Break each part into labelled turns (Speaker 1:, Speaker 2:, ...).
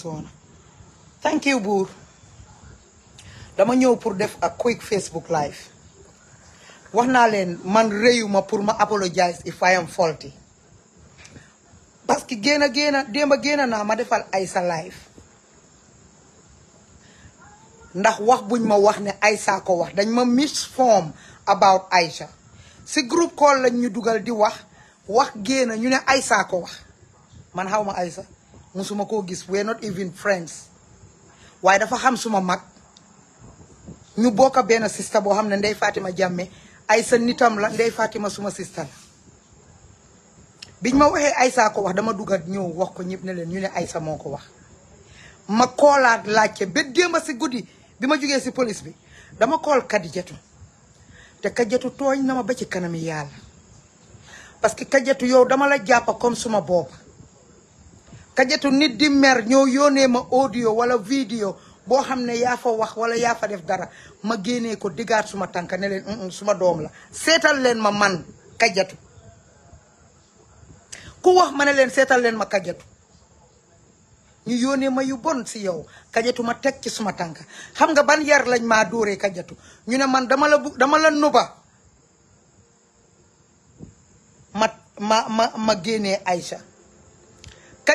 Speaker 1: soona thank you dama ñëw pour def ak quick facebook live wax naa leen man réyuma pour ma apologize if I am faulty parce que génn génn démb génn naa ma defal Aïssa live ndax wax buñ ma wax ne Aïssa ko wax dañ ma misform about Aïcha si groupe call lañ ñu dugal di wax wax génn ñu ne Aïssa ko wax man xaw ma Aïssa musuma koo gis we not even friends waaye dafa xam suma mag ñu bokk benn sista boo xam ne ndey Fatima Jammeh Aysa nitam la ndey Fatima suma sista la biñ ma waxee Aysa ko wax dama dugg ak ñëw wax ko ñëpp ne leen ñu ne Aysa moo ko wax ma koolaat laajte ba démb si guddi bi ma jógee si police bi dama kool Kadijatu te Kadijatu tooñ na ma ba ci kanam yàlla parce que Kadijatu yow dama la jàpp comme suma bopp Kajetu nit di mer ñoo yone ma audio wala video bo xamne ne fa wax wala ya fa def dara ma gene ko digaat suma tànk ne leen suma dom la setal len ma man kajetu ku wax ma len setal len ma kajatu ñu yone ma yu bon ci yow kajatu ma tek ci suma tànk xam nga ban yar lañ ma doore kajatu ñu ne man dama la dama la nuba ma ma ma ma gene aisha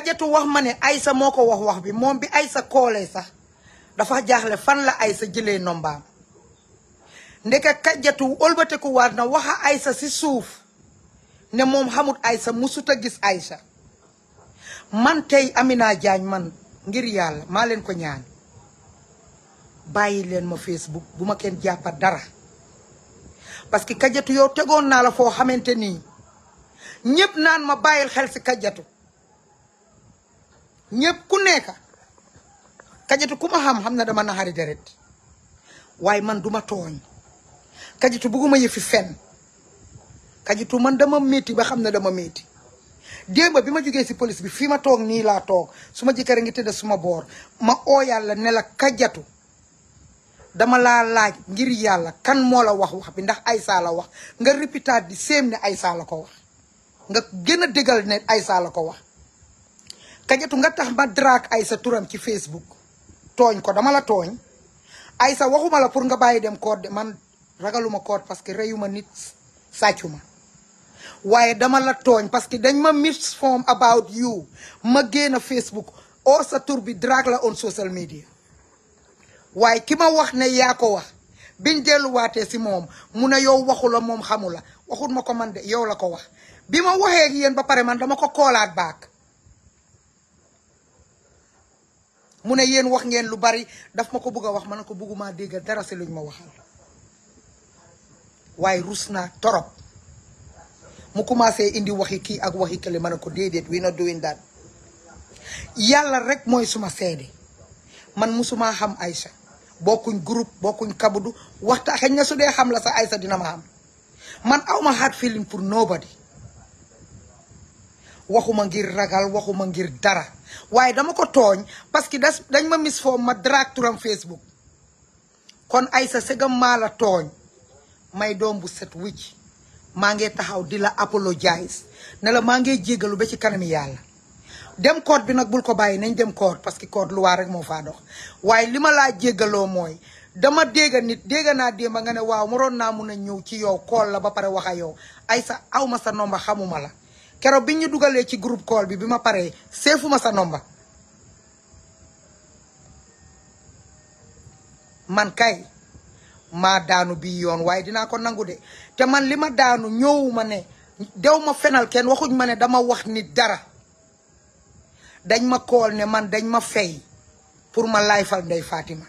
Speaker 1: jettu wax mané Aïssa moko wax wax bi mom bi Aïssa koolee sax dafa jaxlé fan la Aïssa jëlee nomba ndeke xajatu ëlbateku ko warna waxa Aïssa ci souf né mom xamut Aïssa musuta gis Aïssa man tay Amina diagne man ngir yalla ma leen ko ñaan Facebook buma ken kenn jàppa dara parce que kajatu yo tégon na la fo xamante ñepp naan ma bayil xel si nye ku nekk kajatu ku ma xam xam na dama deret waaye man duma tooñ kajatu buguma yëfi fen kajitu man dama métti ba xam dama métti démba bi ma jógee si police bi fii ma toog nii laa toog su ma jëkkër a ngi tëdd suma boor ma oo ne la dama laa laaj ngir kan moo la wax wax bi ndax Aïssa la wax nga répétaat di séem ne Aïssa la ko wax nga gën a ne Aïssa la ko wax kajetu nga tax ma drag Aïssa turam ci Facebook tooñ ko dama la tooñ Aïssa waxuma la pour nga bàyyi dem koor man ragaluma paske parce que reyuma nit sàccuma waaye dama la tooñ parce que dañ ma about you ma Facebook oo sa tur bi drag la on social media waaye ki ma wax ne yaa ko wax biñ delluwaatee si moom mu ne yow waxu la moom xamu la waxut ma man de yow la ko wax ak ba man dama ko baak mu ne yéen wax ngeen lu bari daf ma ko bëgg a wax ma ne ko bëgguma dégg dara si ñu ma waxal waaye rus naa torop mu commencé indi waxi kii ak waxi kële ma ne ko déedéet we na doing that yàlla rek mooy suma seede man musuma xam Aïcha bokkuñ group bokkuñ kabudu waxta xëy na su dee xam la sa Aïcha dina ma am man awma hard feeling pour nobody waxuma ngir ragal waxuma ngir dara waaye dama ko tooñ parce que das dañ ma mis foo ma draag Facebook kon ay sa segam maa la tooñ may doom bu set wicc maa ngi taxaw di la apologize ne la maa ngi jégalu ba ci kanami yàlla dem koot bi nag bul ko bàyyi nañ dem koot parce que koot lu waa rek moo faa dox waaye li ma laa jégaloo mooy dama dégga nit dégga naa démba nga ne waaw waroon naa mun a ñëw ci yow kool la ba pare wax a yow ay sa awma sa nomba xamuma la keroog bi ñu dugalee ci groupe call bi bi ma paree seefuma sa nomba man kay maa daanu bii yoon waaye dinaa ko nangu de te man li ma daanu ñëwuma ne dew ma fenal kenn waxuñ ma ne dama wax nit dara dañ ma kool ne man dañ ma fay pour ma laayfal ndey Fatima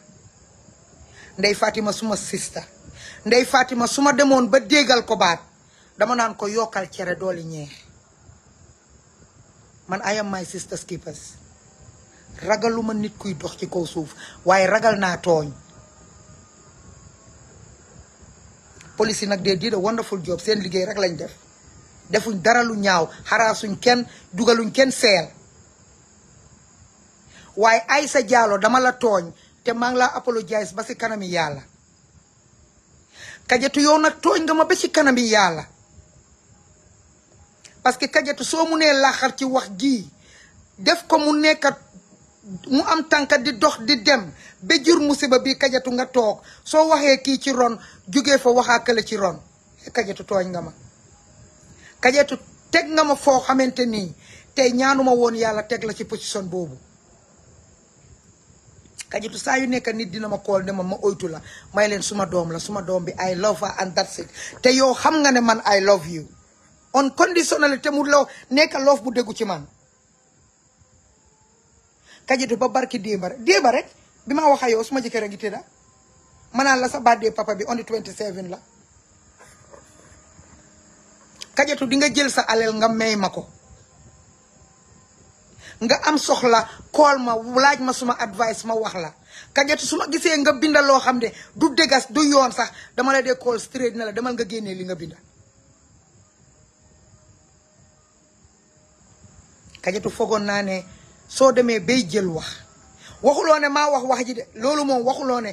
Speaker 1: ndey Fatima suma sista ndey Fatima su ma demoon ba déggal ko baat dama naan ko yokkal cere dooli ñeex man I am my sister's keepers ragaluma nit kuy dox ci kaw suuf waaye ragal naa tooñ police yi nag dee did a wonderful job seen liggéey rek lañ def defuñ dara lu ñaaw xaraasuñ kenn dugaluñ kenn seel waaye ay sa Diallo dama la tooñ te maa ngi laa apologize ba kanam yi yàlla kajetu yow nag tooñ nga ma ba kanam yi yàlla parce que kajatu so mu nee laaxar ci wax gi def ko mu mu am tànka di dox di dem be jur musiba bi kajatu nga tok so waxe ki ci ron jugge fa waxa kala ci ron kajatu tooñ nga ma kajatu tek nga ma fo xamanteni tay ñaanuma won yalla tek la ci position bobu kajatu sayune yu nekk nit dina ma kol dem ma oytu la may len suma dom la suma dom bi I love her and that's it te yo xam nga ne man I love you on conditionnalité mu law nekk lof bu déggu ci man kajete ba barki démba rek démba rek bima waxa yow suma jike rek tida la sa papa bi on the 27 la kajatu di nga jël sa alel nga may mako nga am soxla kol ma laaj ma suma advice ma wax la kajatu tu suma gisee nga binda lo xamne du degas du yoon sax dama la de call straight na la demal nga génnee li nga binda kajatu fogoon naa ne soo demee bay jël wax waxuloo ne maa wax wax ji de loolu moom waxuloo ne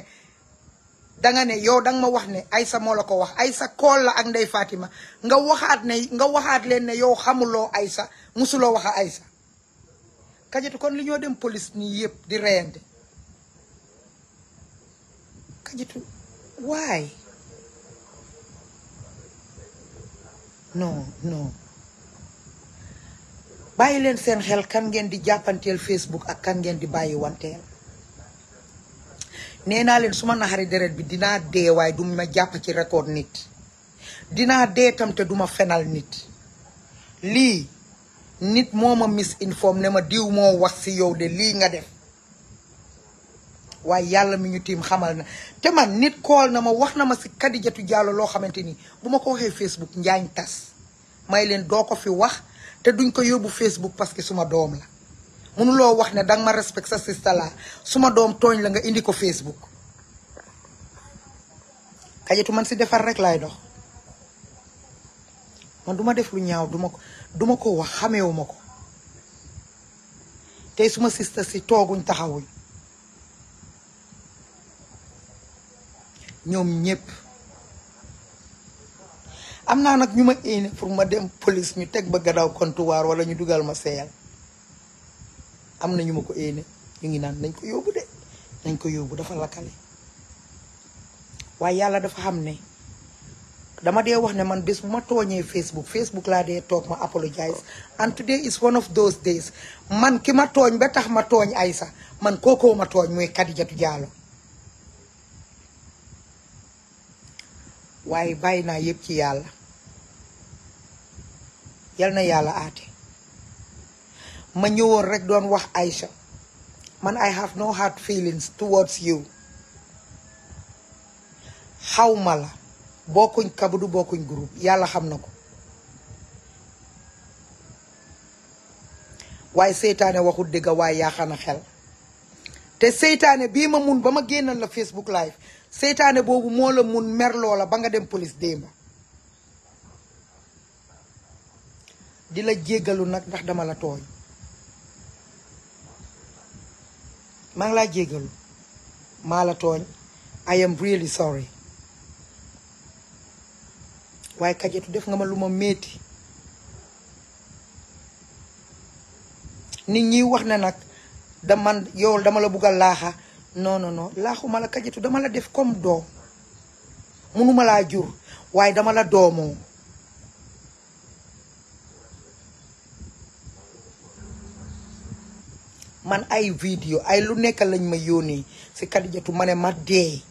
Speaker 1: danga ne yo danga ma wax ne Aïssa moo la ko wax Aïssa la ak Ndey Fatima nga waxaat ne nga waxaat leen ne yo xamuloo Aïssa musulo waxa Aïssa kajatu kon li ñoo dem police ni yep di reyante kajatu why no no bàyyi leen seen xel kan ngeen di jàppanteel Facebook ak kan ngeen di bàyyi wanteel nee naa leen su ma naxari deret bi dinaa dee waaye du ma jàpp ci record nit dinaa dee tam te duma fenal nit lii nit moo ma misinforme ne ma diw moo wax si yow de lii nga def waaye yàlla mi ñu tiim xamal na te man nit kool na ma wax na ma si Kadijatu Jàllo loo xamante ni bu ma ko waxee Facebook njaañ tas may leen doo ko fi wax te duñ ko yóbbu Facebook parce que suma doom la mënuloo wax ne danga ma respect sa sista la suma doom tooñ la nga indi ko Facebook kajatu man si defar rek laay dox man duma def lu ñaaw duma ko duma ko wax xamewuma ko tey suma sista si tooguñ taxawuñ ñoom ñépp am naa nag ñu ma indi pour ma dem police ñu teg ba gadaaw comptoir wala ñu dugal ma seeyal am na ñu ma ko indi ñu ngi naan nañ ko yóbbu de nañ ko yóbbu dafa lakkale waaye yàlla dafa xam ne dama dee wax ne man bés bu ma tooñee Facebook Facebook laa dee toog ma apologize and today is one of those days man ki ma tooñ ba tax ma tooñ ay sax man kookoo ma tooñ muy Kadijatu Jaalo waaye bàyyi naa yëpp ci yàlla yal na yàlla aate ma ñëwoon rek doon wax Aïcha man I have no hard feelings towards you xawma la bokkuñ kabadu bokkuñ groupe yàlla xam na ko waaye seytaane waxul dëgg waaye yaa xana xel te seytaane bii ma mun ba ma génnal la Facebook live seytaane boobu moo la mun merloo la ba nga dem police démba di la jéggalu nag ndax dama la tooñ maa ngi laa jéggalu maa la tooñ I am really sorry waaye kajetu def nga ma lu ma metti nit ñiy wax ne nag dama man yow dama la bugg a laaxa non non non xuma la tu dama la def comme do munuma laa jur waye dama la domo man ay video, ay lu nek lañ ma yoni ci kadijatu mané ma dé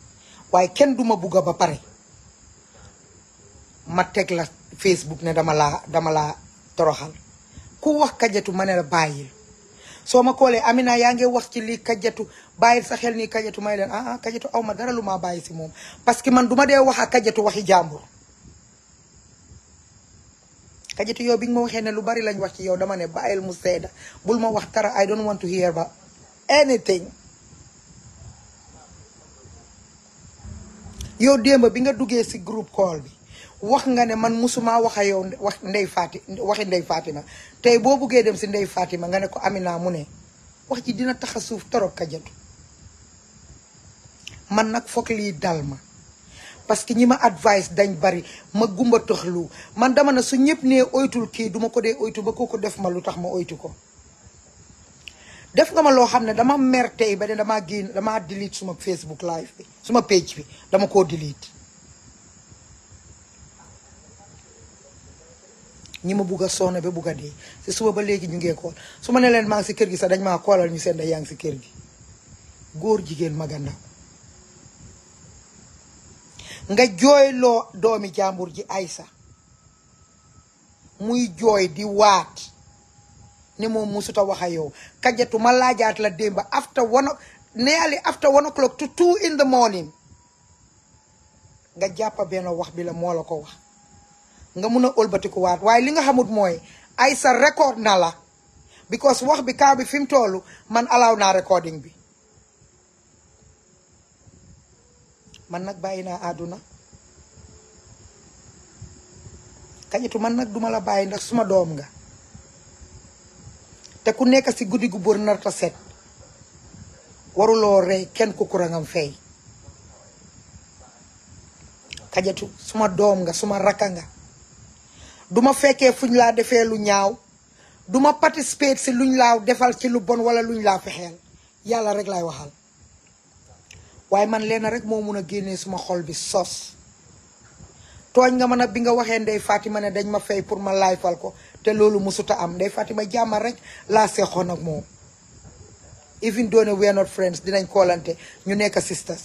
Speaker 1: waye ken duma bugga ba pare ma tek la Facebook né dama la dama la toroxal ku wax kajatu mané la bayil so ma koolee Amina yange wax ci li kajatu bàyyi sa xel ni kajatu may len ah ah kajatu awma ma dara luma baye ci mom parce que man duma de wax ak kajatu waxi jambour kajatu yow bi ngi mo waxe ne lu bari lañ wax ci yow dama ne mu seeda bul ma wax tara I don't want to hear ba anything yow demba bi nga duggé si group call wax nga ne man musuma wax yow wax ndey faati waxi ndey Fatima tey boo buggee dem si ndey ma nga ne ko Amina mu ne wax ji dina tax a suuf torop ka man nag foog lii dal ma parce que ñi ma advice dañ bari ma gumba tëxlu man dama ne su ñëpp nee oytul kii duma ko dee oytu ba kooku def ma lu tax ma oytu ko def nga ma loo xam ne dama mer tey ba ne damaa génn damaa delete suma Facebook live bi suma page bi dama koo delete ñi ma bugg a sonn ba bugg beli dee suba ba léegi ñu ngi ko suma ne leen ma ci kër gi sax dañ ma xolal ñu sen da yaang ci kër gi goor jigen maganda nga joy lo doomi ji aïssa muy joy di waat ne mo musuta wax a yow kadjatu ma la demba after one nearly after one o'clock to two in the morning nga jappa beno wax bi la wax nga mun a ëlbatikuwaat waaye li nga xamut mooy ay sa record na la because wax bi kaa bi fi mu toll man alaaw naa recording bi man nag bàyyi naa àdduna kañitu man nag duma la bàyyi ndax suma doom nga te ku nekk ci guddi gu bër na set waruloo rey kenn ku kurangam fay kañitu suma doom nga suma rakka nga duma fekkee fu ñu laa defee lu ñaaw duma ma participer si luñ laa defal ci lu bon wala ñu laa fexeel yàlla rek laay waxal waaye man leen rek moo mun a génnee suma xol bi sos tooñ nga mën a bi nga waxee ndey Fatima ne dañ ma fay pour ma laay fal ko te loolu a am ndey Fatima jàmmal rek laa seexoon ak moom even doone we are not friends dinañ koolante ñu nekk sistas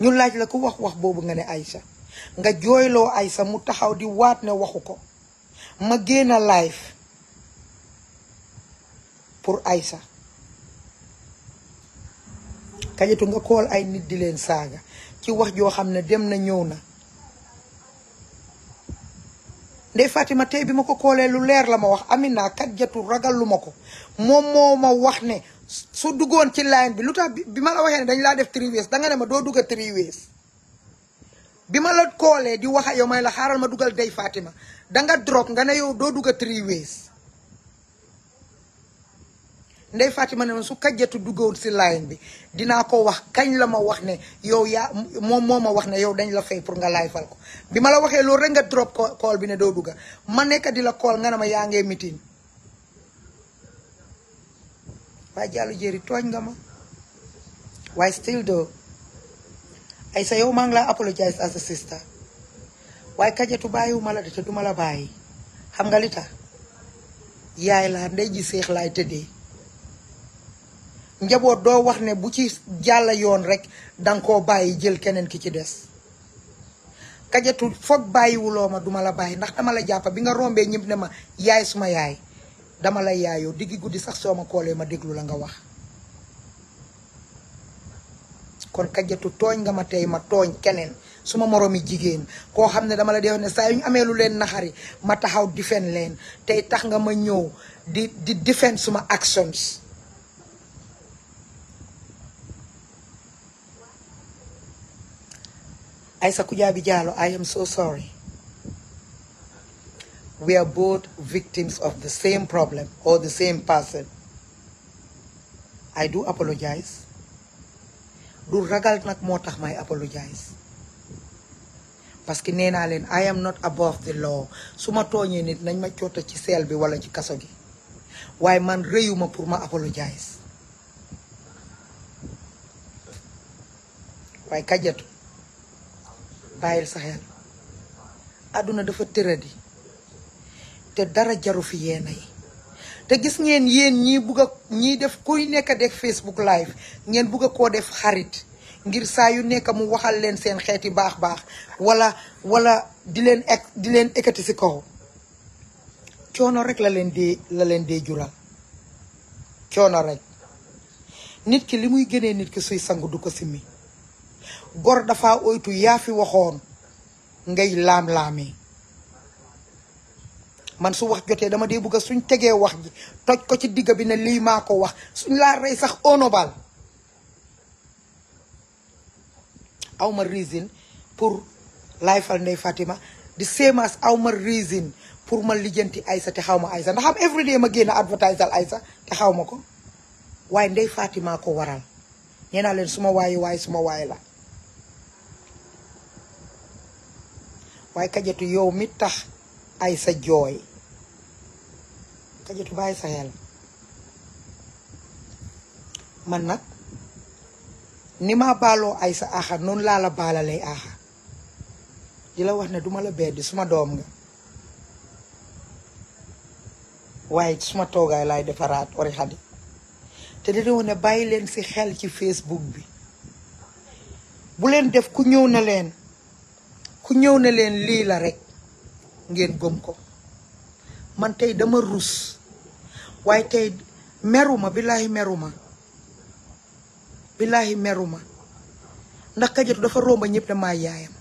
Speaker 1: ñu laaj la ku wax wax boobu nga ne ay Aïcha nga jooyloo ay sa mu taxaw di waat ne waxu ko ma génn live pour Aïssa kañitu nga kool ay nit di leen saaga ci wax joo xam ne dem na ñëw na ndey ma tey bi ma ko koolee lu leer la ma wax Amina kat jatu ragal lu ma ko moom moo ma wax ne su duggoon ci line bi lu tax bi ma la waxee ne dañ laa def three ways danga ne ma doo dugga three ways bima la kole di wax yow may la xaral ma duggal day Fatima nga drop nga ne yow do dugga three ways ndey Fatima ne ma su kajjatu duggawul si line bi dina ko wax kagn la ma wax ne yow ya mom moma wax ne yow dañ la fay pour nga lay fal ko bima la rek nga drop call bi ne do dugga ma nek di la call nga ne ma yaa meeting waaye jallu jeri tooñ nga ma why still though Aisha oh, yau mangla apologize as a sister. Wai kaje tu bayu mala de tu mala bayi. Hamgalita. Yaay la ndeji seex lay tedde. Njabo do wax ne bu ci jalla yon rek dang ko bayyi jël kenen ki ci dess. Kaje tu fokk bayiwulo ma duma la bayyi ndax dama la jappa bi nga rombe ñimne ma yaay suma yaay. Dama la yaayo digi gudi sax soma kolé ma deglu la nga wax. kon kajjatu tooñ nga ma ma tooñ keneen suma moroomi jigéen koo xam dama la dee wax ne saa lu leen naxari ma taxaw difen leen tey tax nga ma ñëw di di difen suma actions Aïssa Koudiaby Diallo I am so sorry we are both victims of the same problem or the same person I do apologize du ragal nak motax may apologize parce que nee I am not above the law suma ma nit nañ ma ciota ci sel bi wala ci kasso gi waye man reuyuma pour ma apologize way kajatu bayil sahel, aduna dafa tëradi te dara jaru fi yenay te gis ngeen yéen ñii bugg a ñii def kuy nekk def Facebook live ngeen bugg koo def xarit ngir saa yu nekk mu waxal leen seen xeeti baax baax wala wala di leen ek di leen ekkati si kaw coono rek la leen dee la leen dee julal coono rek nit ki li muy gënee nit ki suy sangu du ko simmi gor dafa oytu yaa fi waxoon ngay laam-laamee man su wax jotee dama dee bëgg suñ tegee wax ji toj ko ci digg bi ne lii maa ko wax suñ laa rey sax onobal awma reason pour laay fal ndey Fatima di séemaas awma reason pour ma lijjanti Aïssa te xaw ma Aïssa ndax am everyday ma génn advertisal Aïssa te xaw ma ko waaye ndey Fatima ko waral nee naa leen suma waaye waaye suma waaye la waaye kajetu yow mi tax Aïssa jooy xajatu bàyyi sa xel man nag ni ma baaloo ay sa aaxa noonu laa la baalalee aaxa di la wax ne duma la beddi suma doom nga waaye suma toogaay lay defaraat ori xadi te dina wax bàyyi leen si xel ci Facebook bi bu leen def ku ñëw na leen ku ñëw na leen lii la rekk ngeen gëm ko man tey dama ruus waaye tey meruma billaahi meruma billaahi meruma ndax Kadiatou dafa romba ñëpp dama yaayam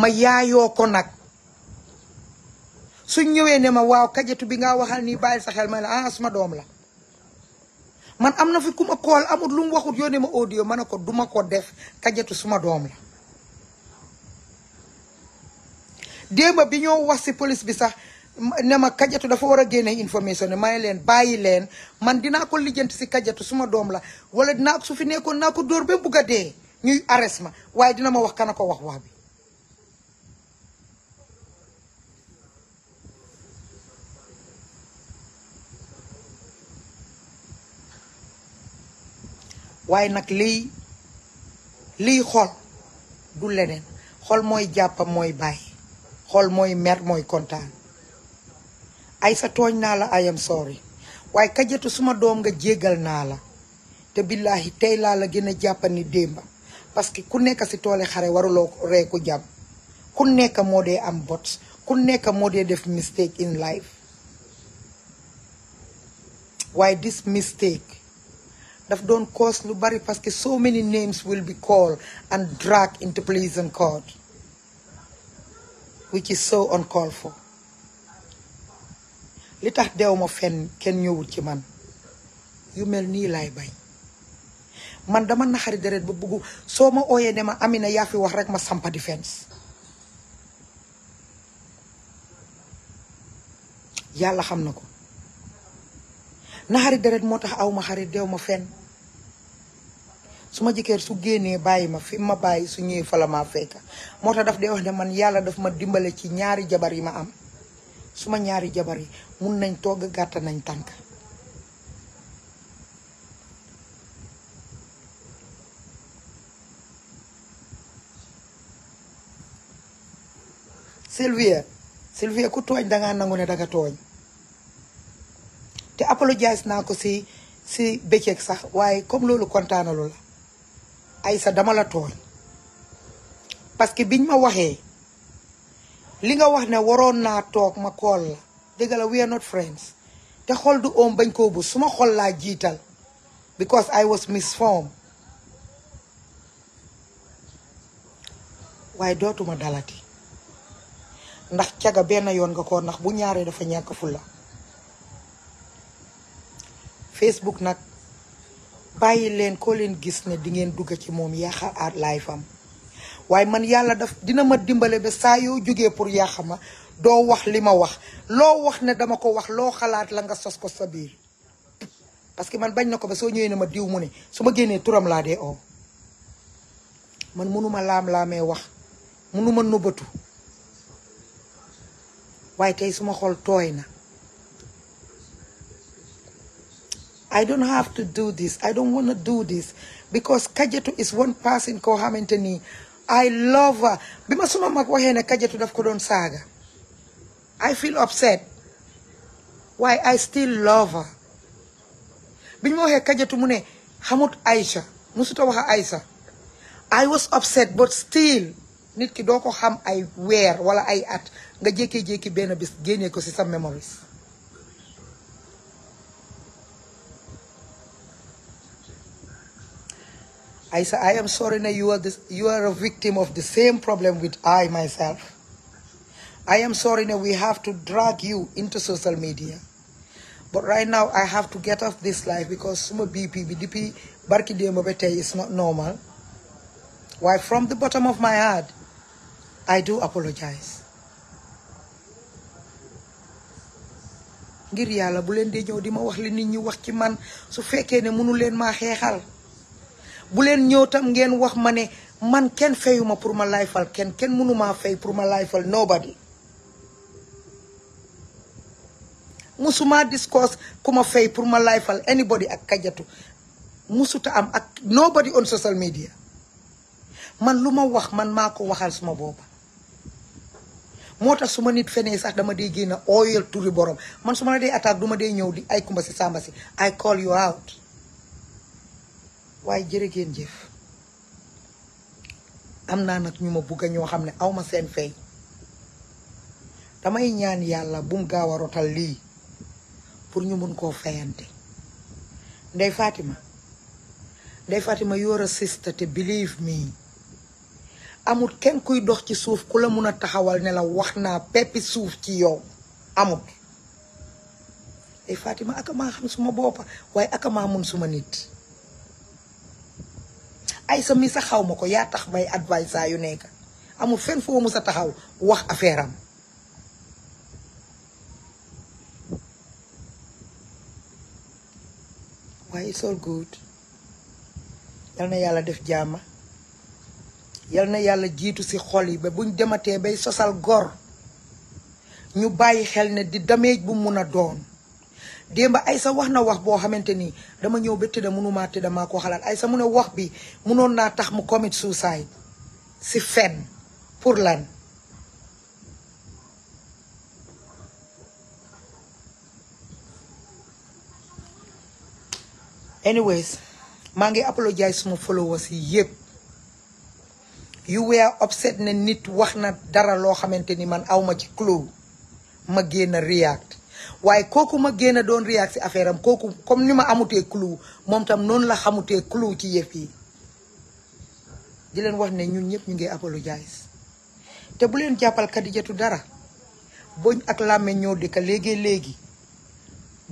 Speaker 1: ma yaayoo ko nag suñ ñëwee ne ma waaw Kadiatou bi nga waxal nii bàyyil sa xel ma la ah, suma doom la man am na fi ku ma kool amul lu mu waxut yónnee ma audio man ne ko duma ko def Kadiatou suma doom la démb bi ñoo wax si police bi sax nema kajatu dafa wara gene information ne may len bayi len man dina ko lijeent ci kajatu suma dom la wala dina ko su fi nekkon nako dor be bu gade ñuy arrest ma way dina ma wax kanako wax waabi waye nak li li xol du leneen xol moy jappa moy bay xol moy mer moy contane ay sa tooñ naa la I am sorry waaye kajatu suma doom nga jéggal naa la te billaahi tey laa la gën a jàppani démba parce que ku nekk si toole xare waruloo ree ku jàpp ku nekk moo dee am bot ku nekk moo dee def mistake in life waaye this mistake daf doon cause lu bari parce que so many names will be called and dragged into prison which is so uncalled for li tax deew ma fenn ken ñewul ci man yu mel ni lay bay man dama naxari deret ba bëggu soo ma ooyee Amina ya fi wax rek ma sampa defense yalla xamnako naxari deret motax awma xari ma deew ma fenn suma ma su gene bayima ma fi ma bayi su ñëwee fala ma motax daf de wax ne man yalla daf ma dimbalé ci ñaari jabar yi ma am suma ñaari jabar yi mun nañ togg gàtt nañ tànk Sylvia Sylvia ku tooñ dangaa nangu ne danga tooñ te apologize naa ko si si bëccëg sax waaye comme loolu kontaanalu la ay sa dama la tooñ parce que biñ ma waxee li nga wax ne waroon naa toog ma kool la dëgg la we not friends te xol du oom bañ koo bu suma xol laa jiital because I was misformed waaye dootuma dalati ndax caga benn yoon nga koo ndax bu ñaaree dafa ñàkk fulla Facebook nag bàyyi leen koo leen gis ne dingeen ngeen dugg ci moom yàqal aat laay fam waye man yalla daf dina ma dimbalé be sayo yoo pour yàq ma doo wax lima wax lo wax né dama ko wax lo xalaat la nga sos ko sabir parce que man bañ nako ba so ñëwee na ma diw mu né suma ma turam la dé o man mënuma laam-laamee wax mënuma nëbbatu waye tay suma xol toy na I don't have to do this I don't want to do this because Kajetu is one person koo I love her bi ma suma mag waxee ne kajetu daf ko doon saaga I feel upset waaye I still love her bi ñu ma waxee Kajatu mu ne xamut Aïcha musuta wax Aïcha I was upset but still nit ki doo ko xam ay weer wala ay at nga jékkee jékki benn bis génnee ko ci sa memories I say, I am sorry now you are, this, you are a victim of the same problem with I myself. I am sorry now we have to drag you into social media. But right now I have to get off this life because Sumo BP, BDP, Barki Diomobete is not normal. Why from the bottom of my heart, I do apologize. ngir yàlla bu leen di ñëw di ma wax li nit ñi wax ci man su ne mënu bu leen ñëw tam ngeen wax ma ne man kenn fayuma pour ma laayfal kenn kenn mënumaa fay pour ma laayfal nobody musuma discourse ku ma fay pour ma laayfal anybody ak kajatu mësuta am ak nobody on social media man lu ma wax man maa ko waxal suma booba moo tax su ma nit fenee sax dama dee génn ooyal turi borom man su ma la dee attaque du ma dee ñëw di ay kumba si sàmba si I call you out waaye jërë ngeen jëf am naa nag ñu ma bugg ñoo xam ne awma seen fay damay ñaan yàlla bum gaaw a rotal lii pour ñu mun koo fayante ndey Fatima ndey Fatima you're a sister te believe me amul kenn kuy dox ci suuf ku la mun a taxawal ne la wax naa peppi suuf ci yow amut ndey faatima akama xam suma boppa waaye akama mun suma nit ay sa mi sa xaw ma ko yaa tax may advice saa yu nekk amul fenn foo mu sa taxaw wax affaire am waaye it's good yal na yàlla def jàmm yal na yàlla jiitu ci xol yi ba buñ dematee bay sosal gor ñu bàyyi xel ne di damage bu mun a doon demba Aïssa wax na wax bo xamanteni ni dama ñëw ba tëdd mënuma tëdd maa ko xalat Aïssa mu wax bi mënon na tax mu commit suicide si fen pour lan anyways ma ngi apologize suma followers yi you were upset ne nit waxna dara lo xamanteni man awma ci clue ma react waaye kooku ma génn doon réact si affaire am kooku comme ni ma amutee clou moom tam noonu la xamutee clou ci yëf yi di leen wax ne ñun ñëpp ñu ngi apologize te bu leen jàppal Kadijatu dara bëñ ak làmmiñ ñoo dëkk léegi léegi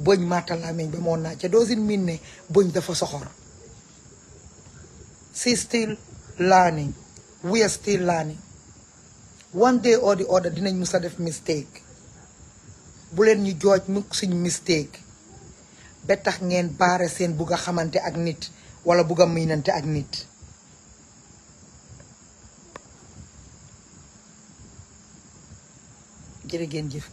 Speaker 1: bëñ màtta làmmiñ ba moo naa ca doosin miin ne bëñ dafa soxor she still learning we still learning one day or the dinañ mus a def mistake buleen ñu jooj mukk suñu mistake ba tax ngeen baare seen bugg a xamante ak nit wala bugg a miinante ak nit jërë ngeen jëf